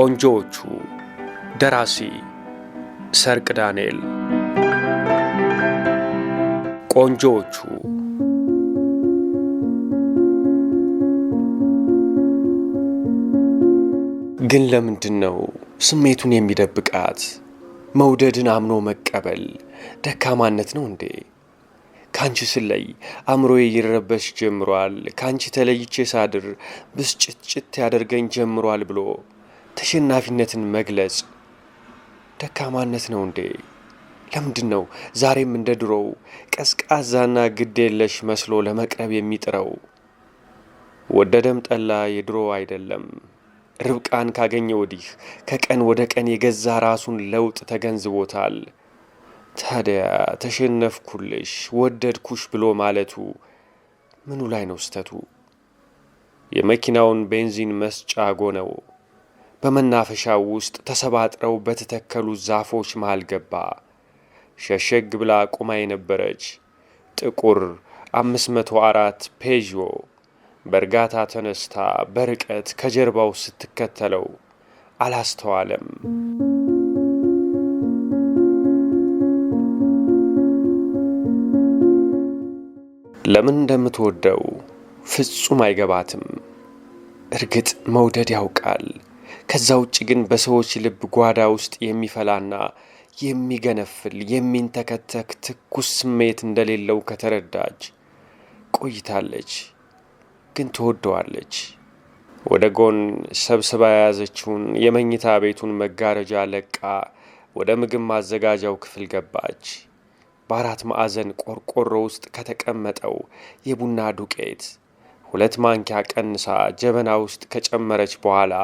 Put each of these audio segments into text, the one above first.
ቆንጆዎቹ ደራሲ ሰርቅ ዳንኤል። ቆንጆዎቹ ግን ለምንድን ነው ስሜቱን የሚደብቃት? መውደድን አምኖ መቀበል ደካማነት ነው እንዴ? ካንቺ ስለይ አእምሮዬ ይረበሽ ጀምሯል፣ ካንቺ ተለይቼ ሳድር ብስጭትጭት ያደርገኝ ጀምሯል ብሎ ተሸናፊነትን መግለጽ ደካማነት ነው እንዴ? ለምንድን ነው ዛሬም እንደ ድሮው ቀዝቃዛና ግዴለሽ መስሎ ለመቅረብ የሚጥረው? ወደደም ጠላ የድሮ አይደለም። ርብቃን ካገኘ ወዲህ ከቀን ወደ ቀን የገዛ ራሱን ለውጥ ተገንዝቦታል። ታዲያ ተሸነፍኩልሽ፣ ወደድኩሽ ብሎ ማለቱ ምኑ ላይ ነው ስተቱ? የመኪናውን ቤንዚን መስጫ ጎነው በመናፈሻው ውስጥ ተሰባጥረው በተተከሉ ዛፎች መሃል ገባ። ሸሸግ ብላ ቁማ የነበረች ጥቁር 504 ፔዦ በእርጋታ ተነስታ በርቀት ከጀርባው ስትከተለው አላስተዋለም። ለምን እንደምትወደው ፍጹም አይገባትም። እርግጥ መውደድ ያውቃል። ከዛ ውጭ ግን በሰዎች ልብ ጓዳ ውስጥ የሚፈላና የሚገነፍል የሚንተከተክ ትኩስ ስሜት እንደሌለው ከተረዳች ቆይታለች፣ ግን ትወደዋለች። ወደ ጎን ሰብስባ የያዘችውን የመኝታ ቤቱን መጋረጃ ለቃ ወደ ምግብ ማዘጋጃው ክፍል ገባች። በአራት ማዕዘን ቆርቆሮ ውስጥ ከተቀመጠው የቡና ዱቄት ሁለት ማንኪያ ቀንሳ ጀበና ውስጥ ከጨመረች በኋላ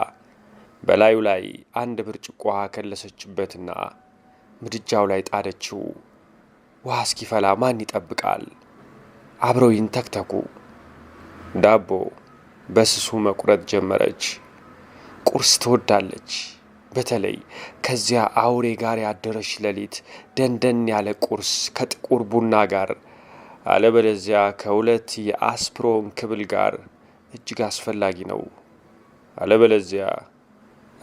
በላዩ ላይ አንድ ብርጭቆ ውሃ ከለሰችበትና ምድጃው ላይ ጣደችው። ውሃ እስኪፈላ ማን ይጠብቃል? አብረው ይንተክተኩ። ዳቦ በስሱ መቁረጥ ጀመረች። ቁርስ ትወዳለች። በተለይ ከዚያ አውሬ ጋር ያደረች ሌሊት ደንደን ያለ ቁርስ ከጥቁር ቡና ጋር አለበለዚያ ከሁለት የአስፕሮን ክብል ጋር እጅግ አስፈላጊ ነው። አለበለዚያ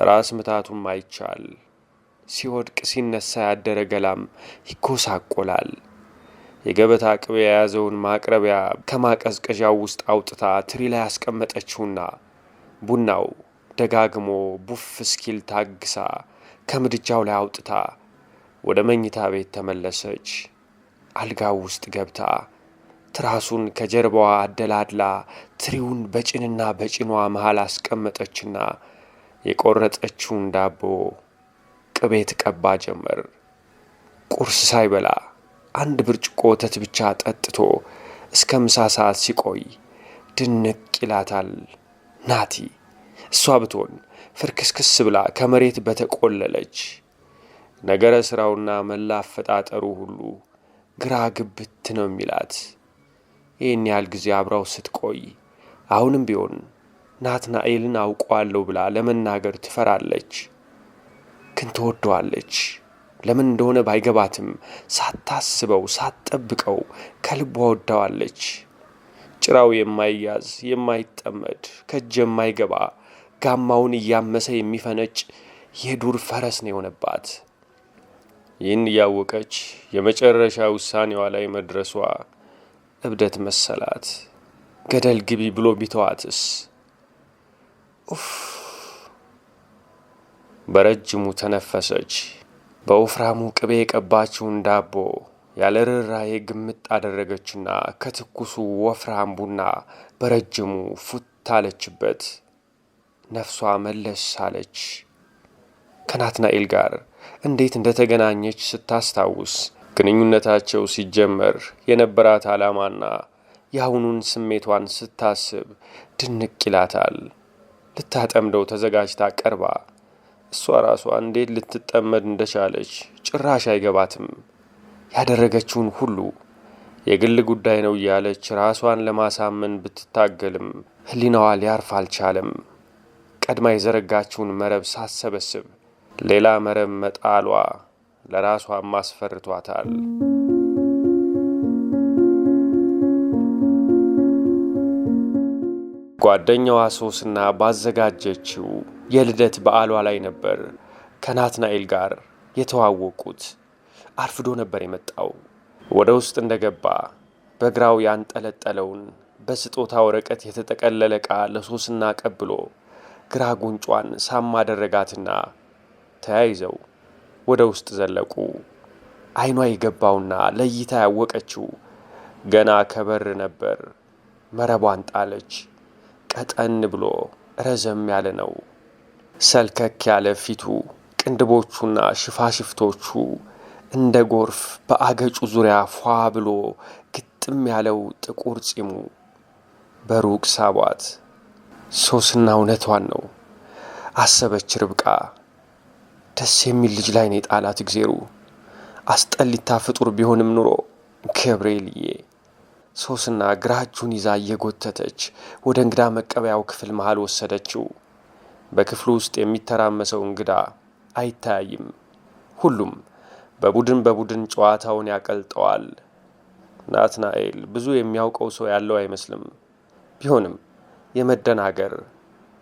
ራስ ምታቱም አይቻል። ሲወድቅ ሲነሳ ያደረ ገላም ይኮሳቆላል። የገበታ ቅቤ የያዘውን ማቅረቢያ ከማቀዝቀዣው ውስጥ አውጥታ ትሪ ላይ ያስቀመጠችውና ቡናው ደጋግሞ ቡፍ እስኪል ታግሳ ከምድጃው ላይ አውጥታ ወደ መኝታ ቤት ተመለሰች። አልጋው ውስጥ ገብታ ትራሱን ከጀርባዋ አደላድላ ትሪውን በጭንና በጭኗ መሃል አስቀመጠችና የቆረጠችውን ዳቦ ቅቤ ትቀባ ጀመር። ቁርስ ሳይበላ አንድ ብርጭቆ ወተት ብቻ ጠጥቶ እስከ ምሳ ሰዓት ሲቆይ ድንቅ ይላታል ናቲ። እሷ ብትሆን ፍርክስክስ ብላ ከመሬት በተቆለለች ነገረ ሥራውና መላ አፈጣጠሩ ሁሉ ግራ ግብት ነው የሚላት። ይህን ያህል ጊዜ አብራው ስትቆይ አሁንም ቢሆን ናትናኤልን አውቀዋለሁ ብላ ለመናገር ትፈራለች፣ ግን ትወደዋለች። ለምን እንደሆነ ባይገባትም ሳታስበው ሳትጠብቀው ከልቧ ወዳዋለች። ጭራው የማይያዝ የማይጠመድ ከእጅ የማይገባ ጋማውን እያመሰ የሚፈነጭ የዱር ፈረስ ነው የሆነባት። ይህን እያወቀች የመጨረሻ ውሳኔዋ ላይ መድረሷ እብደት መሰላት። ገደል ግቢ ብሎ ቢተዋትስ? ኡፍ! በረጅሙ ተነፈሰች። በወፍራሙ ቅቤ የቀባችውን ዳቦ ያለ ርኅራኄ ግምጥ አደረገችና ከትኩሱ ወፍራም ቡና በረጅሙ ፉት አለችበት። ነፍሷ መለስ አለች። ከናትናኤል ጋር እንዴት እንደተገናኘች ስታስታውስ ግንኙነታቸው ሲጀመር የነበራት ዓላማና የአሁኑን ስሜቷን ስታስብ ድንቅ ይላታል። ልታጠምደው ተዘጋጅታ ቀርባ እሷ ራሷ እንዴት ልትጠመድ እንደቻለች ጭራሽ አይገባትም። ያደረገችውን ሁሉ የግል ጉዳይ ነው እያለች ራሷን ለማሳመን ብትታገልም ሕሊናዋ ሊያርፍ አልቻለም። ቀድማ የዘረጋችውን መረብ ሳትሰበስብ ሌላ መረብ መጣሏ ለራሷም አስፈርቷታል። ጓደኛዋ ሶስና ባዘጋጀችው የልደት በዓሏ ላይ ነበር ከናትናኤል ጋር የተዋወቁት። አርፍዶ ነበር የመጣው። ወደ ውስጥ እንደገባ በግራው ያንጠለጠለውን በስጦታ ወረቀት የተጠቀለለ ዕቃ ለሶስና ቀብሎ ግራ ጉንጯን ሳም አደረጋትና ተያይዘው ወደ ውስጥ ዘለቁ። አይኗ የገባውና ለይታ ያወቀችው ገና ከበር ነበር። መረቧን ጣለች። ቀጠን ብሎ ረዘም ያለ ነው። ሰልከክ ያለ ፊቱ ቅንድቦቹና ሽፋሽፍቶቹ እንደ ጎርፍ በአገጩ ዙሪያ ፏ ብሎ ግጥም ያለው ጥቁር ጺሙ በሩቅ ሳቧት። ሶስና እውነቷን ነው አሰበች ርብቃ። ደስ የሚል ልጅ ላይ ነው የጣላት እግዜሩ። አስጠሊታ ፍጡር ቢሆንም ኑሮ ገብርኤልዬ ሶስና ግራ እጁን ይዛ እየጎተተች ወደ እንግዳ መቀበያው ክፍል መሃል ወሰደችው። በክፍሉ ውስጥ የሚተራመሰው እንግዳ አይታያይም። ሁሉም በቡድን በቡድን ጨዋታውን ያቀልጠዋል። ናትናኤል ብዙ የሚያውቀው ሰው ያለው አይመስልም። ቢሆንም የመደናገር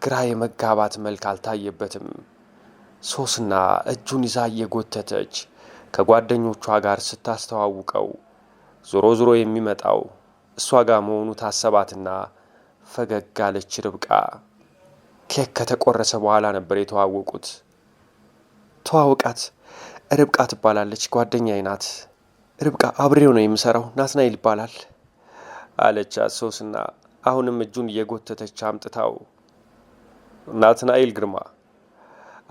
ግራ የመጋባት መልክ አልታየበትም። ሶስና እጁን ይዛ እየጎተተች ከጓደኞቿ ጋር ስታስተዋውቀው ዞሮ ዞሮ የሚመጣው እሷ ጋር መሆኑ ታሰባትና ፈገግ አለች ርብቃ። ኬክ ከተቆረሰ በኋላ ነበር የተዋወቁት። ተዋውቃት ርብቃ ትባላለች፣ ጓደኛዬ ናት። ርብቃ አብሬው ነው የምሰራው፣ ናትናኤል ይባላል አለች ሶስና አሁንም እጁን እየጎተተች አምጥታው ናትናኤል ግርማ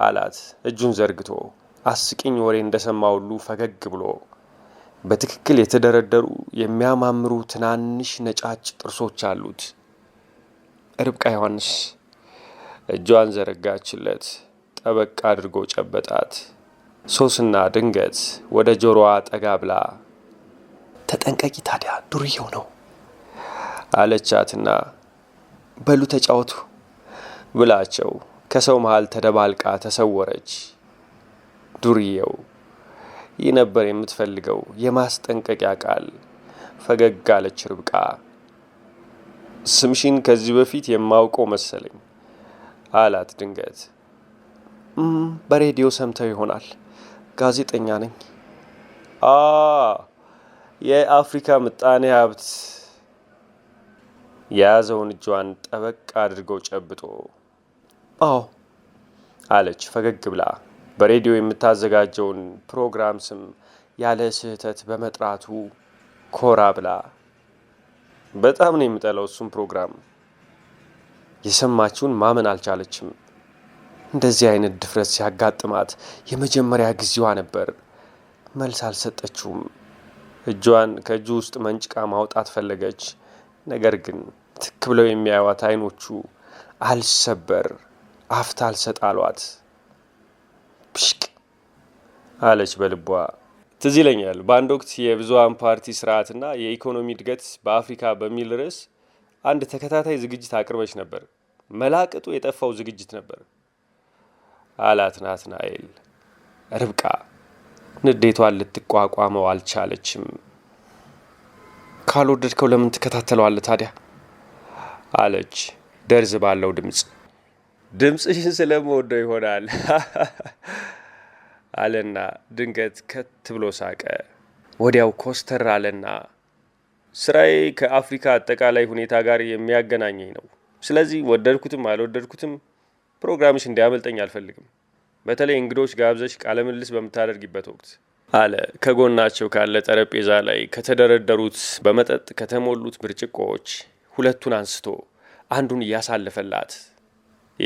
አላት እጁን ዘርግቶ አስቂኝ ወሬ እንደሰማ ሁሉ ፈገግ ብሎ በትክክል የተደረደሩ የሚያማምሩ ትናንሽ ነጫጭ ጥርሶች አሉት። ርብቃ ዮሐንስ እጇን ዘረጋችለት። ጠበቅ አድርጎ ጨበጣት። ሶስና ድንገት ወደ ጆሮዋ ጠጋ ብላ ተጠንቀቂ ታዲያ ዱርየው ነው አለቻትና በሉ ተጫወቱ ብላቸው ከሰው መሃል ተደባልቃ ተሰወረች። ዱርዬው ይህ ነበር የምትፈልገው የማስጠንቀቂያ ቃል። ፈገግ አለች ርብቃ። ስምሽን ከዚህ በፊት የማውቀው መሰለኝ አላት ድንገት። በሬዲዮ ሰምተው ይሆናል። ጋዜጠኛ ነኝ። አ የአፍሪካ ምጣኔ ሀብት የያዘውን እጇን ጠበቅ አድርገው ጨብጦ አዎ አለች ፈገግ ብላ። በሬዲዮ የምታዘጋጀውን ፕሮግራም ስም ያለ ስህተት በመጥራቱ ኮራ ብላ። በጣም ነው የምጠላው እሱም ፕሮግራም። የሰማችውን ማመን አልቻለችም። እንደዚህ አይነት ድፍረት ሲያጋጥማት የመጀመሪያ ጊዜዋ ነበር። መልስ አልሰጠችውም። እጇን ከእጁ ውስጥ መንጭቃ ማውጣት ፈለገች። ነገር ግን ትክ ብለው የሚያዩዋት አይኖቹ አልሰበር አፍታ አልሰጥ አሏት። ብሽቅ አለች በልቧ። ትዝ ይለኛል በአንድ ወቅት የብዙሃን ፓርቲ ስርዓትና የኢኮኖሚ እድገት በአፍሪካ በሚል ርዕስ አንድ ተከታታይ ዝግጅት አቅርበች ነበር። መላቅጡ የጠፋው ዝግጅት ነበር አላት ናትናኤል። ርብቃ ንዴቷን ልትቋቋመው አልቻለችም። ካልወደድከው ለምን ትከታተለዋለህ ታዲያ? አለች ደርዝ ባለው ድምፅ። ድምፅሽን ስለመወዶ ይሆናል አለና ድንገት ከት ብሎ ሳቀ። ወዲያው ኮስተር አለና ስራዬ ከአፍሪካ አጠቃላይ ሁኔታ ጋር የሚያገናኘኝ ነው። ስለዚህ ወደድኩትም አልወደድኩትም ፕሮግራምሽ እንዲያመልጠኝ አልፈልግም፣ በተለይ እንግዶች ጋብዘሽ ቃለ ምልልስ በምታደርጊበት ወቅት አለ። ከጎናቸው ካለ ጠረጴዛ ላይ ከተደረደሩት በመጠጥ ከተሞሉት ብርጭቆዎች ሁለቱን አንስቶ አንዱን እያሳለፈላት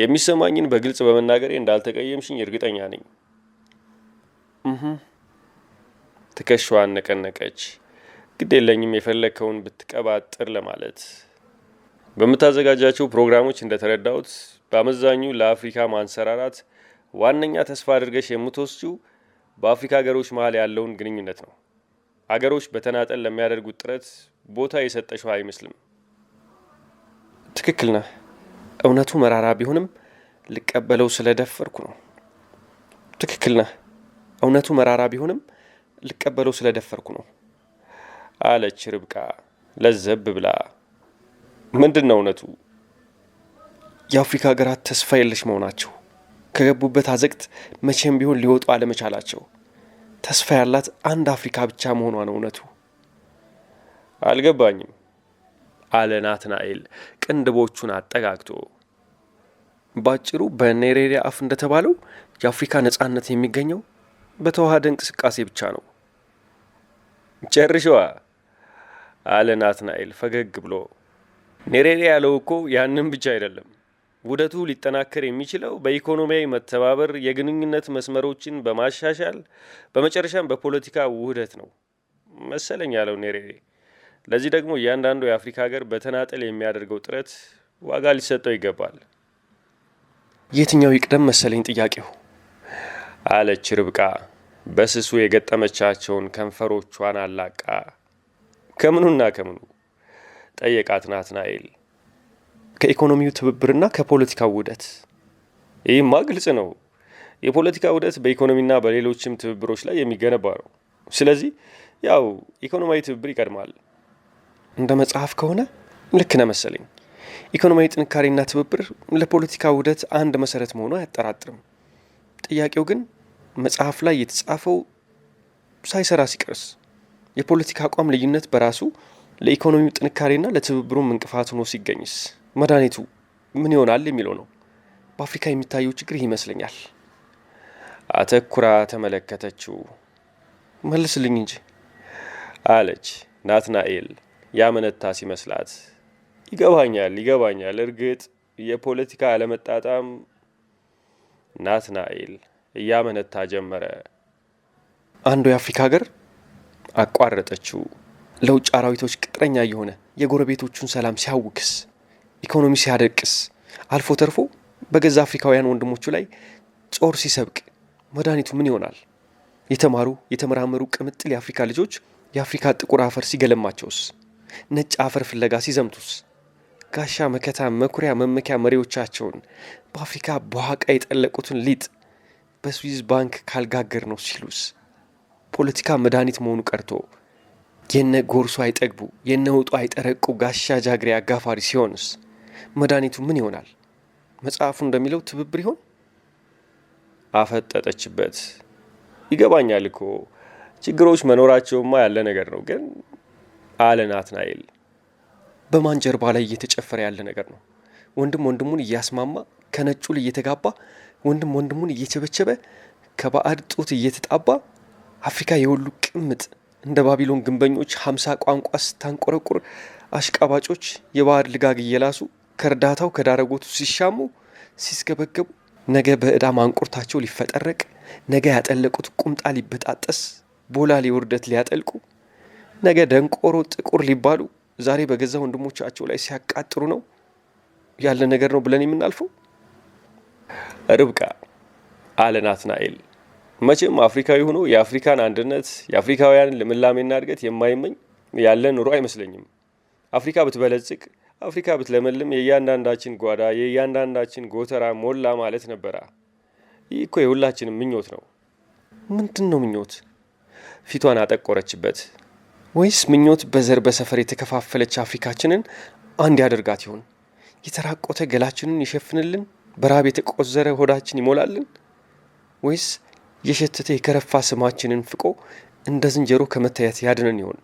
የሚሰማኝን በግልጽ በመናገሬ እንዳልተቀየምሽኝ እርግጠኛ ነኝ። ትከሻዋ ነቀነቀች። ግድ የለኝም የፈለግከውን ብትቀባጥር ለማለት በምታዘጋጃቸው ፕሮግራሞች እንደተረዳሁት በአመዛኙ ለአፍሪካ ማንሰራራት ዋነኛ ተስፋ አድርገሽ የምትወስጂው በአፍሪካ ሀገሮች መሀል ያለውን ግንኙነት ነው። አገሮች በተናጠል ለሚያደርጉት ጥረት ቦታ የሰጠሽው አይመስልም። ትክክል ነህ። እውነቱ መራራ ቢሆንም ልቀበለው ስለደፈርኩ ነው። ትክክል ነህ። እውነቱ መራራ ቢሆንም ልቀበለው ስለደፈርኩ ነው አለች ርብቃ ለዘብ ብላ። ምንድን ነው እውነቱ? የአፍሪካ ሀገራት ተስፋ የለሽ መሆናቸው፣ ከገቡበት አዘቅት መቼም ቢሆን ሊወጡ አለመቻላቸው፣ ተስፋ ያላት አንድ አፍሪካ ብቻ መሆኗ ነው እውነቱ። አልገባኝም አለ ናትናኤል ቅንድቦቹን አጠጋግቶ ባጭሩ በኔሬሪያ አፍ እንደተባለው የአፍሪካ ነጻነት የሚገኘው በተዋሃደ እንቅስቃሴ ብቻ ነው። ጨርሸዋ አለ ናትናኤል ፈገግ ብሎ። ኔሬሪያ ያለው እኮ ያንን ብቻ አይደለም። ውህደቱ ሊጠናከር የሚችለው በኢኮኖሚያዊ መተባበር፣ የግንኙነት መስመሮችን በማሻሻል በመጨረሻም በፖለቲካ ውህደት ነው መሰለኝ ያለው ኔሬሬ ለዚህ ደግሞ እያንዳንዱ የአፍሪካ ሀገር በተናጠል የሚያደርገው ጥረት ዋጋ ሊሰጠው ይገባል። የትኛው ይቅደም መሰለኝ ጥያቄው አለች ርብቃ በስሱ የገጠመቻቸውን ከንፈሮቿን አላቃ። ከምኑና ከምኑ ጠየቃት ናትናኤል። ከኢኮኖሚው ትብብርና ከፖለቲካው ውህደት። ይህማ ግልጽ ነው። የፖለቲካ ውህደት በኢኮኖሚና በሌሎችም ትብብሮች ላይ የሚገነባ ነው። ስለዚህ ያው ኢኮኖሚያዊ ትብብር ይቀድማል። እንደ መጽሐፍ ከሆነ ልክ ነ መሰለኝ። ኢኮኖሚያዊ ጥንካሬና ትብብር ለፖለቲካ ውህደት አንድ መሰረት መሆኑ አያጠራጥርም። ጥያቄው ግን መጽሐፍ ላይ የተጻፈው ሳይሰራ ሲቀርስ የፖለቲካ አቋም ልዩነት በራሱ ለኢኮኖሚው ጥንካሬና ለትብብሩም እንቅፋት ሆኖ ሲገኝስ መድኃኒቱ ምን ይሆናል የሚለው ነው። በአፍሪካ የሚታየው ችግር ይመስለኛል። አተኩራ ተመለከተችው። መልስልኝ እንጂ አለች ናትናኤል። ያመነታ ሲመስላት ይገባኛል ይገባኛል። እርግጥ የፖለቲካ አለመጣጣም ናትናኤል እያመነታ ጀመረ። አንዱ የአፍሪካ ሀገር አቋረጠችው። ለውጭ አራዊቶች ቅጥረኛ የሆነ የጎረቤቶቹን ሰላም ሲያውክስ፣ ኢኮኖሚ ሲያደቅስ፣ አልፎ ተርፎ በገዛ አፍሪካውያን ወንድሞቹ ላይ ጦር ሲሰብቅ መድኃኒቱ ምን ይሆናል? የተማሩ የተመራመሩ ቅምጥል የአፍሪካ ልጆች የአፍሪካ ጥቁር አፈር ሲገለማቸውስ ነጭ አፈር ፍለጋ ሲዘምቱስ ጋሻ መከታ መኩሪያ መመኪያ መሪዎቻቸውን በአፍሪካ በዋቃ የጠለቁትን ሊጥ በስዊዝ ባንክ ካልጋገር ነው ሲሉስ ፖለቲካ መድኃኒት መሆኑ ቀርቶ የነ ጎርሶ አይጠግቡ የነ ውጡ አይጠረቁ ጋሻ ጃግሬ አጋፋሪ ሲሆንስ መድኃኒቱ ምን ይሆናል? መጽሐፉ እንደሚለው ትብብር ይሆን? አፈጠጠችበት። ይገባኛል እኮ ችግሮች መኖራቸውማ ያለ ነገር ነው ግን አለ ናትናኤል። በማን ጀርባ ላይ እየተጨፈረ ያለ ነገር ነው? ወንድም ወንድሙን እያስማማ ከነጩል እየተጋባ ወንድም ወንድሙን እየቸበቸበ ከባዕድ ጡት እየተጣባ አፍሪካ የወሉ ቅምጥ እንደ ባቢሎን ግንበኞች ሀምሳ ቋንቋ ስታንቆረቁር አሽቃባጮች የባዕድ ልጋግ እየላሱ ከእርዳታው ከዳረጎቱ ሲሻሙ ሲስገበገቡ ነገ በዕዳ ማንቁርታቸው ሊፈጠረቅ ነገ ያጠለቁት ቁምጣ ሊበጣጠስ ቦላሌ ውርደት ሊያጠልቁ ነገ ደንቆሮ ጥቁር ሊባሉ ዛሬ በገዛ ወንድሞቻቸው ላይ ሲያቃጥሩ ነው ያለ ነገር ነው ብለን የምናልፈው? ርብቃ አለ ናትናኤል። መቼም አፍሪካዊ ሆኖ የአፍሪካን አንድነት የአፍሪካውያንን ልምላሜና እድገት የማይመኝ ያለ ኑሮ አይመስለኝም። አፍሪካ ብትበለጽቅ፣ አፍሪካ ብትለመልም የእያንዳንዳችን ጓዳ የእያንዳንዳችን ጎተራ ሞላ ማለት ነበራ። ይህ እኮ የሁላችንም ምኞት ነው። ምንድን ነው ምኞት? ፊቷን አጠቆረችበት። ወይስ ምኞት በዘር በሰፈር የተከፋፈለች አፍሪካችንን አንድ ያደርጋት ይሆን? የተራቆተ ገላችንን ይሸፍንልን? በራብ የተቆዘረ ሆዳችን ይሞላልን? ወይስ የሸተተ የከረፋ ስማችንን ፍቆ እንደ ዝንጀሮ ከመታየት ያድነን ይሆን?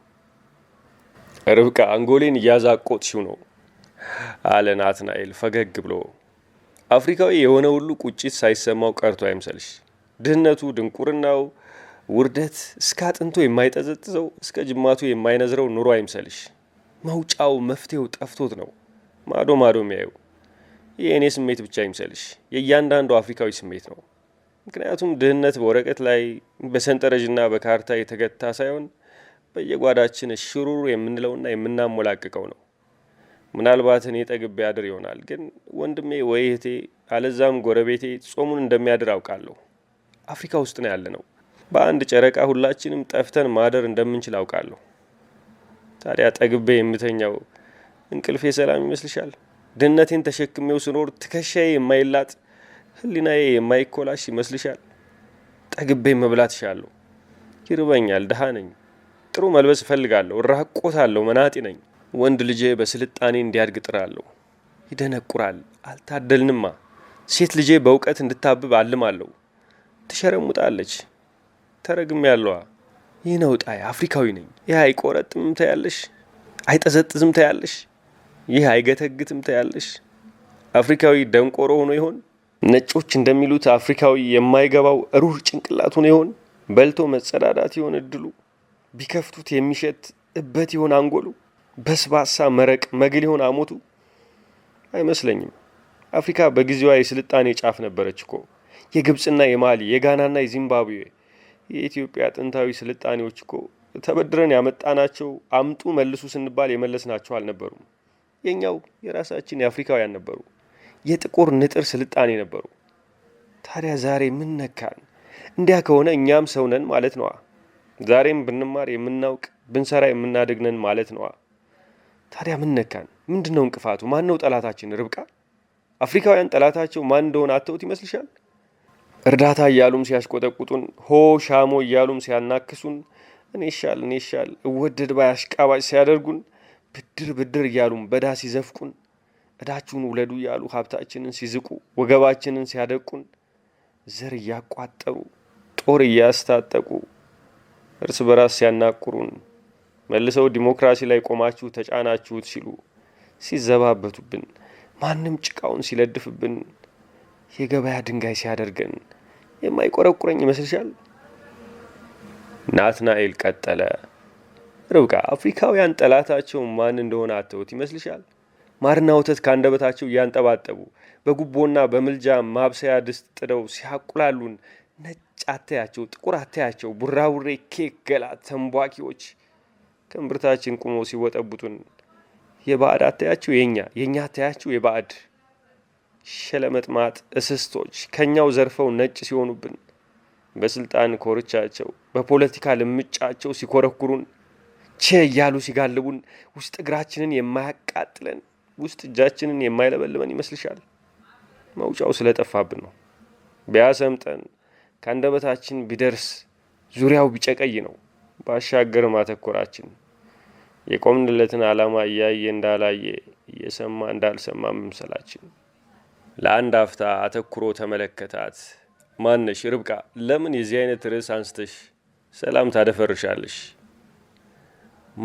ርብቃ አንጎሌን እያዛቆጥሽው ነው አለ ናትናኤል ፈገግ ብሎ። አፍሪካዊ የሆነ ሁሉ ቁጭት ሳይሰማው ቀርቶ አይምሰልሽ። ድህነቱ፣ ድንቁርናው፣ ውርደት እስከ አጥንቱ የማይጠዘጥዘው እስከ ጅማቱ የማይነዝረው ኑሮ አይምሰልሽ። መውጫው መፍትሄው ጠፍቶት ነው ማዶ ማዶ የሚያዩ። ይህ እኔ ስሜት ብቻ አይምሰልሽ፣ የእያንዳንዱ አፍሪካዊ ስሜት ነው። ምክንያቱም ድህነት በወረቀት ላይ በሰንጠረዥና በካርታ የተገታ ሳይሆን በየጓዳችን ሽሩር የምንለውና የምናሞላቅቀው ነው። ምናልባት እኔ ጠግቤ ያድር ይሆናል፣ ግን ወንድሜ ወይ እህቴ አለዛም ጎረቤቴ ጾሙን እንደሚያድር አውቃለሁ። አፍሪካ ውስጥ ነው ያለ ነው። በአንድ ጨረቃ ሁላችንም ጠፍተን ማደር እንደምንችል አውቃለሁ። ታዲያ ጠግቤ የምተኛው እንቅልፌ ሰላም ይመስልሻል? ድህነቴን ተሸክሜው ስኖር ትከሻዬ የማይላጥ ህሊናዬ የማይኮላሽ ይመስልሻል? ጠግቤ መብላት እሻለሁ። ይርበኛል። ድሃ ነኝ። ጥሩ መልበስ እፈልጋለሁ። እራቆታለሁ። መናጢ ነኝ። ወንድ ልጄ በስልጣኔ እንዲያድግ ጥራለሁ። ይደነቁራል። አልታደልንማ። ሴት ልጄ በእውቀት እንድታብብ አልማለሁ። ትሸረሙጣለች። ተረግም ያለዋ ይህ ነው ጣይ አፍሪካዊ ነኝ። ይህ አይቆረጥም ታያለሽ፣ አይጠዘጥዝም ታያለሽ፣ ይህ አይገተግትም ታያለሽ። አፍሪካዊ ደንቆሮ ሆኖ ይሆን? ነጮች እንደሚሉት አፍሪካዊ የማይገባው ሩህ ጭንቅላት ሆኖ ይሆን? በልቶ መጸዳዳት ይሆን እድሉ? ቢከፍቱት የሚሸት እበት ይሆን አንጎሉ? በስባሳ መረቅ መግል ይሆን አሞቱ? አይመስለኝም። አፍሪካ በጊዜዋ የስልጣኔ ጫፍ ነበረች እኮ የግብፅና የማሊ የጋናና የዚምባብዌ የኢትዮጵያ ጥንታዊ ስልጣኔዎች እኮ ተበድረን ያመጣናቸው አምጡ መልሱ ስንባል የመለስናቸው አልነበሩም። የእኛው የራሳችን የአፍሪካውያን ነበሩ። የጥቁር ንጥር ስልጣኔ ነበሩ። ታዲያ ዛሬ ምን ነካን? እንዲያ ከሆነ እኛም ሰው ነን ማለት ነዋ። ዛሬም ብንማር የምናውቅ ብንሰራ የምናድግ ነን ማለት ነዋ። ታዲያ ምን ነካን? ምንድን ነው እንቅፋቱ? ማን ነው ጠላታችን? ርብቃ፣ አፍሪካውያን ጠላታቸው ማን እንደሆነ አተውት ይመስልሻል? እርዳታ እያሉም ሲያሽቆጠቁጡን፣ ሆ ሻሞ እያሉም ሲያናክሱን፣ እኔ ሻል እኔ ሻል እወደድ ባይ አሽቃባጭ ሲያደርጉን፣ ብድር ብድር እያሉም በዳ ሲዘፍቁን፣ እዳችሁን ውለዱ እያሉ ሀብታችንን ሲዝቁ፣ ወገባችንን ሲያደቁን፣ ዘር እያቋጠሩ ጦር እያስታጠቁ እርስ በራስ ሲያናቁሩን፣ መልሰው ዲሞክራሲ ላይ ቆማችሁ ተጫናችሁት ሲሉ ሲዘባበቱብን፣ ማንም ጭቃውን ሲለድፍብን የገበያ ድንጋይ ሲያደርገን የማይቆረቁረኝ ይመስልሻል? ናትናኤል ቀጠለ። ርብቃ፣ አፍሪካውያን ጠላታቸው ማን እንደሆነ አተውት ይመስልሻል? ማርና ወተት ከአንደበታቸው እያንጠባጠቡ በጉቦና በምልጃ ማብሰያ ድስት ጥደው ሲያቁላሉን ነጭ አተያቸው ጥቁር አተያቸው ቡራቡሬ፣ ኬክ ገላ ተንቧኪዎች ከእምብርታችን ቁመው ሲወጠቡቱን የባዕድ አታያቸው የኛ የእኛ አታያቸው የባዕድ ሸለመጥማጥ እስስቶች ከእኛው ዘርፈው ነጭ ሲሆኑብን፣ በስልጣን ኮርቻቸው በፖለቲካ ልምጫቸው ሲኮረኩሩን፣ ቼ እያሉ ሲጋልቡን፣ ውስጥ እግራችንን የማያቃጥለን ውስጥ እጃችንን የማይለበልበን ይመስልሻል? መውጫው ስለጠፋብን ነው። ቢያሰምጠን ከአንደበታችን ቢደርስ ዙሪያው ቢጨቀይ ነው። ባሻገር ማተኮራችን የቆምንለትን ዓላማ እያየ እንዳላየ እየሰማ እንዳልሰማ መምሰላችን ለአንድ አፍታ አተኩሮ ተመለከታት። ማነሽ ርብቃ፣ ለምን የዚህ አይነት ርዕስ አንስተሽ ሰላም ታደፈርሻለሽ?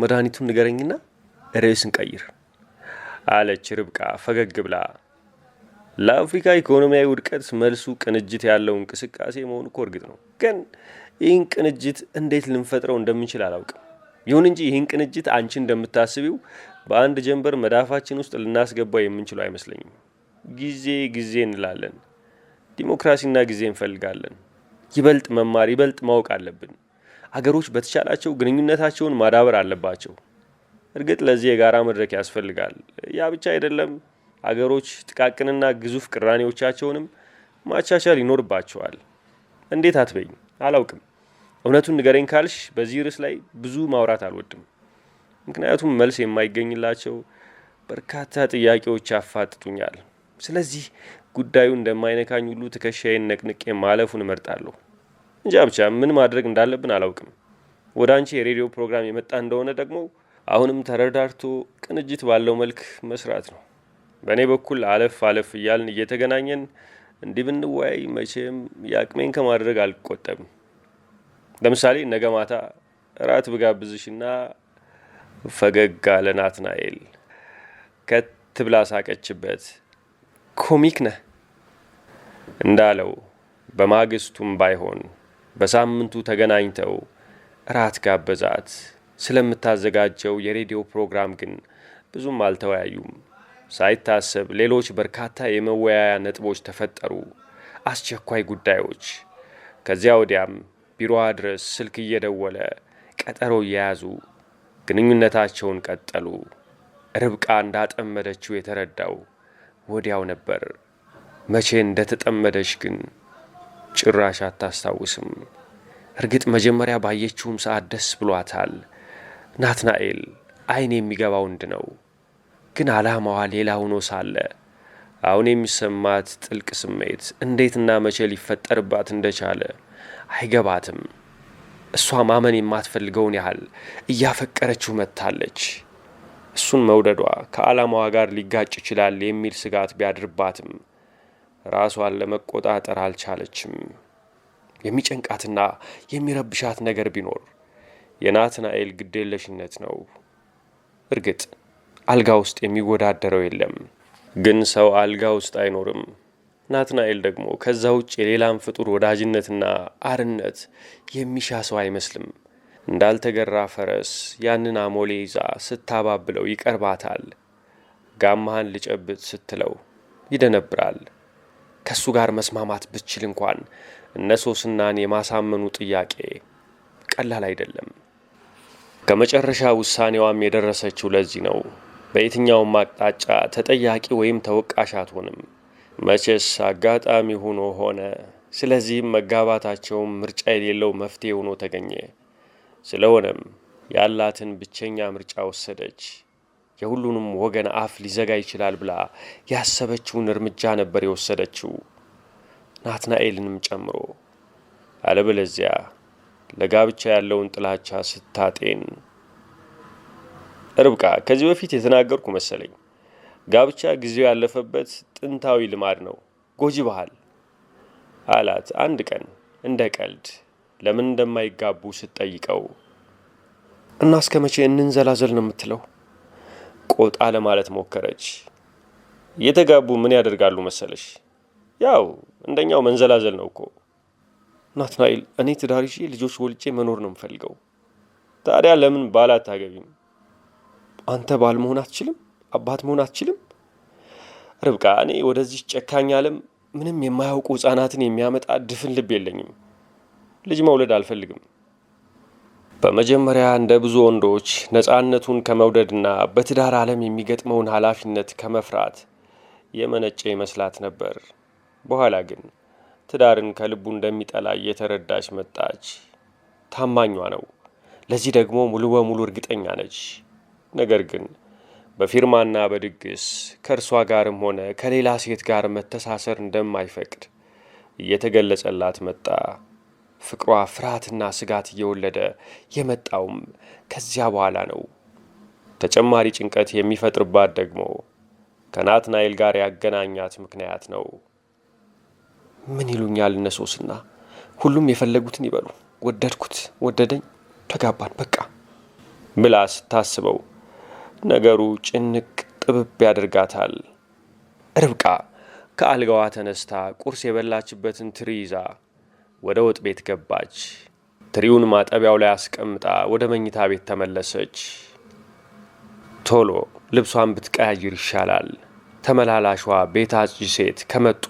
መድኃኒቱን ንገረኝና ርዕስን ቀይር አለች ርብቃ ፈገግ ብላ። ለአፍሪካ ኢኮኖሚያዊ ውድቀት መልሱ ቅንጅት ያለው እንቅስቃሴ መሆኑ እኮ እርግጥ ነው፣ ግን ይህን ቅንጅት እንዴት ልንፈጥረው እንደምንችል አላውቅም። ይሁን እንጂ ይህን ቅንጅት አንቺ እንደምታስቢው በአንድ ጀንበር መዳፋችን ውስጥ ልናስገባ የምንችለው አይመስለኝም። ጊዜ ጊዜ እንላለን። ዲሞክራሲና ጊዜ እንፈልጋለን። ይበልጥ መማር፣ ይበልጥ ማወቅ አለብን። አገሮች በተቻላቸው ግንኙነታቸውን ማዳበር አለባቸው። እርግጥ ለዚህ የጋራ መድረክ ያስፈልጋል። ያ ብቻ አይደለም። አገሮች ጥቃቅንና ግዙፍ ቅራኔዎቻቸውንም ማቻቻል ይኖርባቸዋል። እንዴት አትበኝ አላውቅም። እውነቱን ንገረኝ ካልሽ በዚህ ርዕስ ላይ ብዙ ማውራት አልወድም። ምክንያቱም መልስ የማይገኝላቸው በርካታ ጥያቄዎች ያፋጥጡኛል። ስለዚህ ጉዳዩ እንደማይነካኝ ሁሉ ትከሻዬን ነቅንቄ ማለፉን እመርጣለሁ። እንጃ ብቻ ምን ማድረግ እንዳለብን አላውቅም። ወደ አንቺ የሬዲዮ ፕሮግራም የመጣ እንደሆነ ደግሞ አሁንም ተረዳርቶ ቅንጅት ባለው መልክ መስራት ነው። በእኔ በኩል አለፍ አለፍ እያልን እየተገናኘን እንዲህ ብንወያይ መቼም የአቅሜን ከማድረግ አልቆጠብም። ለምሳሌ ነገ ማታ እራት ብጋብዝሽና ፈገግ አለ ናትናኤል ከትብላ ሳቀችበት። ኮሚክ ነህ እንዳለው በማግስቱም ባይሆን በሳምንቱ ተገናኝተው እራት ጋበዛት። ስለምታዘጋጀው የሬዲዮ ፕሮግራም ግን ብዙም አልተወያዩም። ሳይታሰብ ሌሎች በርካታ የመወያያ ነጥቦች ተፈጠሩ፣ አስቸኳይ ጉዳዮች። ከዚያ ወዲያም ቢሮዋ ድረስ ስልክ እየደወለ ቀጠሮ እየያዙ ግንኙነታቸውን ቀጠሉ። ርብቃ እንዳጠመደችው የተረዳው ወዲያው ነበር። መቼ እንደተጠመደች ግን ጭራሽ አታስታውስም። እርግጥ መጀመሪያ ባየችውም ሰዓት ደስ ብሏታል። ናትናኤል አይን የሚገባ ወንድ ነው። ግን አላማዋ ሌላ ሆኖ ሳለ አሁን የሚሰማት ጥልቅ ስሜት እንዴትና መቼ ሊፈጠርባት እንደቻለ አይገባትም። እሷ ማመን የማትፈልገውን ያህል እያፈቀረችው መጥታለች። እሱን መውደዷ ከዓላማዋ ጋር ሊጋጭ ይችላል የሚል ስጋት ቢያድርባትም ራሷን ለመቆጣጠር አልቻለችም። የሚጨንቃትና የሚረብሻት ነገር ቢኖር የናትናኤል ግዴለሽነት ነው። እርግጥ አልጋ ውስጥ የሚወዳደረው የለም፣ ግን ሰው አልጋ ውስጥ አይኖርም። ናትናኤል ደግሞ ከዛ ውጭ የሌላን ፍጡር ወዳጅነትና አርነት የሚሻ ሰው አይመስልም። እንዳልተገራ ፈረስ ያንን አሞሌ ይዛ ስታባብለው ይቀርባታል። ጋማህን ልጨብጥ ስትለው ይደነብራል። ከእሱ ጋር መስማማት ብችል እንኳን እነ ሶስናን የማሳመኑ ጥያቄ ቀላል አይደለም። ከመጨረሻ ውሳኔዋም የደረሰችው ለዚህ ነው። በየትኛውም አቅጣጫ ተጠያቂ ወይም ተወቃሽ አትሆንም። መቼስ አጋጣሚ ሆኖ ሆነ። ስለዚህም መጋባታቸውም ምርጫ የሌለው መፍትሄ ሆኖ ተገኘ። ስለሆነም ያላትን ብቸኛ ምርጫ ወሰደች። የሁሉንም ወገን አፍ ሊዘጋ ይችላል ብላ ያሰበችውን እርምጃ ነበር የወሰደችው፣ ናትናኤልንም ጨምሮ። አለበለዚያ ለጋብቻ ያለውን ጥላቻ ስታጤን ርብቃ ከዚህ በፊት የተናገርኩ መሰለኝ። ጋብቻ ጊዜው ያለፈበት ጥንታዊ ልማድ ነው፣ ጎጂ ባህል አላት አንድ ቀን እንደ ቀልድ ለምን እንደማይጋቡ ስትጠይቀው እና እስከ መቼ እንንዘላዘል ነው የምትለው? ቆጣ ለማለት ሞከረች። የተጋቡ ምን ያደርጋሉ መሰለሽ? ያው እንደኛው መንዘላዘል ነው እኮ። ናትናኤል፣ እኔ ትዳር ይዤ ልጆች ወልጬ መኖር ነው የምፈልገው። ታዲያ ለምን ባል አታገቢም? አንተ ባል መሆን አትችልም? አባት መሆን አትችልም? ርብቃ፣ እኔ ወደዚህ ጨካኝ ዓለም ምንም የማያውቁ ህፃናትን የሚያመጣ ድፍን ልብ የለኝም። ልጅ መውለድ አልፈልግም። በመጀመሪያ እንደ ብዙ ወንዶች ነፃነቱን ከመውደድና በትዳር ዓለም የሚገጥመውን ኃላፊነት ከመፍራት የመነጨ ይመስላት ነበር። በኋላ ግን ትዳርን ከልቡ እንደሚጠላ እየተረዳች መጣች። ታማኟ ነው። ለዚህ ደግሞ ሙሉ በሙሉ እርግጠኛ ነች። ነገር ግን በፊርማና በድግስ ከእርሷ ጋርም ሆነ ከሌላ ሴት ጋር መተሳሰር እንደማይፈቅድ እየተገለጸላት መጣ። ፍቅሯ ፍርሃትና ስጋት እየወለደ የመጣውም ከዚያ በኋላ ነው። ተጨማሪ ጭንቀት የሚፈጥርባት ደግሞ ከናትናኤል ጋር ያገናኛት ምክንያት ነው። ምን ይሉኛል እነሶስና? ሁሉም የፈለጉትን ይበሉ፣ ወደድኩት፣ ወደደኝ፣ ተጋባን፣ በቃ ብላ ስታስበው ነገሩ ጭንቅ ጥብብ ያደርጋታል። ርብቃ ከአልጋዋ ተነስታ ቁርስ የበላችበትን ትሪ ይዛ ወደ ወጥ ቤት ገባች። ትሪውን ማጠቢያው ላይ አስቀምጣ ወደ መኝታ ቤት ተመለሰች። ቶሎ ልብሷን ብትቀያይር ይሻላል። ተመላላሿ ቤት አጭ ሴት ከመጡ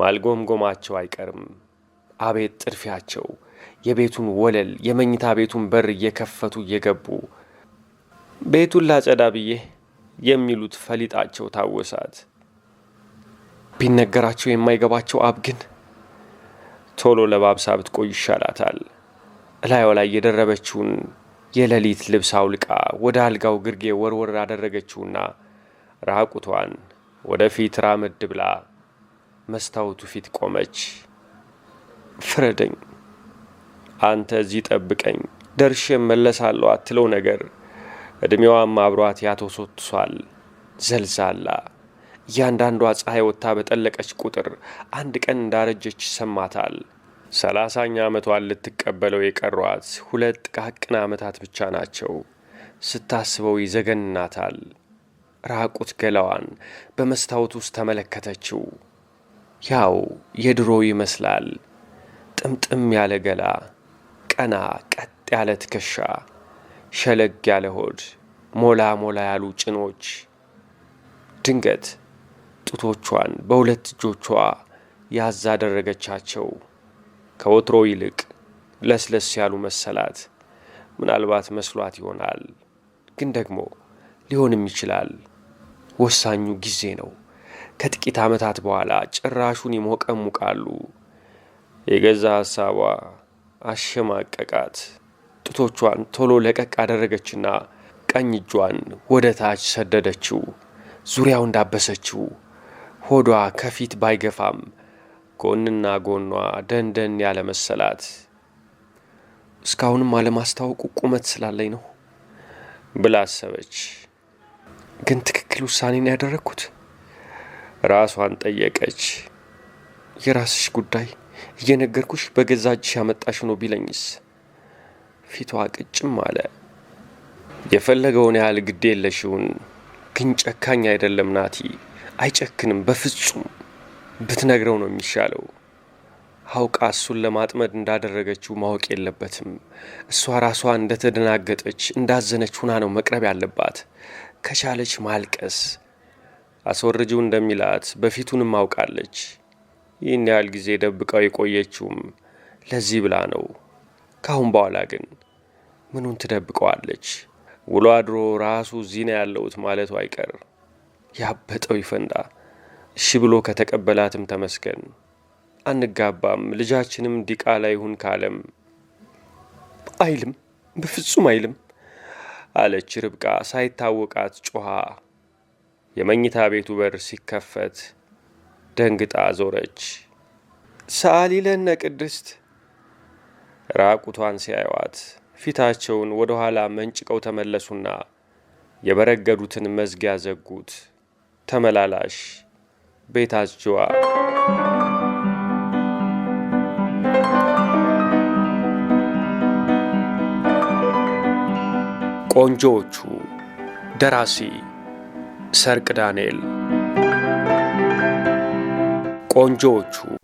ማልጎምጎማቸው አይቀርም። አቤት ጥድፊያቸው! የቤቱን ወለል የመኝታ ቤቱን በር እየከፈቱ እየገቡ ቤቱን ላጸዳ ብዬ የሚሉት ፈሊጣቸው ታወሳት። ቢነገራቸው የማይገባቸው አብ ግን ቶሎ ለባብሳ ብትቆይ ይሻላታል። እላዩ ላይ የደረበችውን የሌሊት ልብስ አውልቃ ወደ አልጋው ግርጌ ወርወር አደረገችውና ራቁቷን ወደፊት ራመድ ብላ መስታወቱ ፊት ቆመች። ፍረደኝ፣ አንተ እዚህ ጠብቀኝ፣ ደርሼ እመለሳለሁ አትለው ነገር እድሜዋም አብሯት ያተሶትሷል። ዘልዛላ እያንዳንዷ ፀሐይ ወጥታ በጠለቀች ቁጥር አንድ ቀን እንዳረጀች ይሰማታል። ሰላሳኛ ዓመቷን ልትቀበለው የቀሯት ሁለት ጥቃቅን ዓመታት ብቻ ናቸው። ስታስበው ይዘገንናታል። ራቁት ገላዋን በመስታወት ውስጥ ተመለከተችው። ያው የድሮ ይመስላል። ጥምጥም ያለ ገላ፣ ቀና ቀጥ ያለ ትከሻ፣ ሸለግ ያለ ሆድ፣ ሞላ ሞላ ያሉ ጭኖች ድንገት ጡቶቿን በሁለት እጆቿ ያዝ አደረገቻቸው። ከወትሮ ይልቅ ለስለስ ያሉ መሰላት። ምናልባት መስሏት ይሆናል፣ ግን ደግሞ ሊሆንም ይችላል። ወሳኙ ጊዜ ነው። ከጥቂት ዓመታት በኋላ ጭራሹን ይሞቀሙቃሉ። የገዛ ሐሳቧ አሸማቀቃት። ጡቶቿን ቶሎ ለቀቅ አደረገችና ቀኝ እጇን ወደ ታች ሰደደችው። ዙሪያው እንዳበሰችው ሆዷ ከፊት ባይገፋም ጎንና ጎኗ ደንደን ያለ መሰላት። እስካሁንም አለማስታወቁ ቁመት ስላለኝ ነው ብላ አሰበች። ግን ትክክል ውሳኔ ያደረግኩት? ራሷን ጠየቀች። የራስሽ ጉዳይ እየነገርኩሽ በገዛ እጅሽ ያመጣሽ ነው ቢለኝስ? ፊቷ ቅጭም አለ። የፈለገውን ያህል ግድ የለሽውን ግን ጨካኝ አይደለም ናቲ አይጨክንም። በፍጹም ብትነግረው ነው የሚሻለው። አውቃ እሱን ለማጥመድ እንዳደረገችው ማወቅ የለበትም። እሷ ራሷ እንደተደናገጠች እንዳዘነች ሁና ነው መቅረብ ያለባት። ከቻለች ማልቀስ አስወርጂው እንደሚላት በፊቱንም አውቃለች። ይህን ያህል ጊዜ ደብቀው የቆየችውም ለዚህ ብላ ነው። ካሁን በኋላ ግን ምኑን ትደብቀዋለች? ውሎ አድሮ ራሱ እዚህ ነው ያለሁት ማለቱ አይቀር። ያበጠው ይፈንዳ። እሺ ብሎ ከተቀበላትም ተመስገን። አንጋባም ልጃችንም ዲቃላ ይሁን ካለም አይልም፣ በፍጹም አይልም አለች ርብቃ ሳይታወቃት ጮኻ። የመኝታ ቤቱ በር ሲከፈት ደንግጣ ዞረች። ሰአሊለነ ለነ ቅድስት ራቁቷን ሲያዩዋት ፊታቸውን ወደ ኋላ መንጭቀው ተመለሱና የበረገዱትን መዝጊያ ዘጉት። ተመላላሽ ቤታችዋ ቆንጆዎቹ ደራሲ ሰርቅ ዳንኤል ቆንጆዎቹ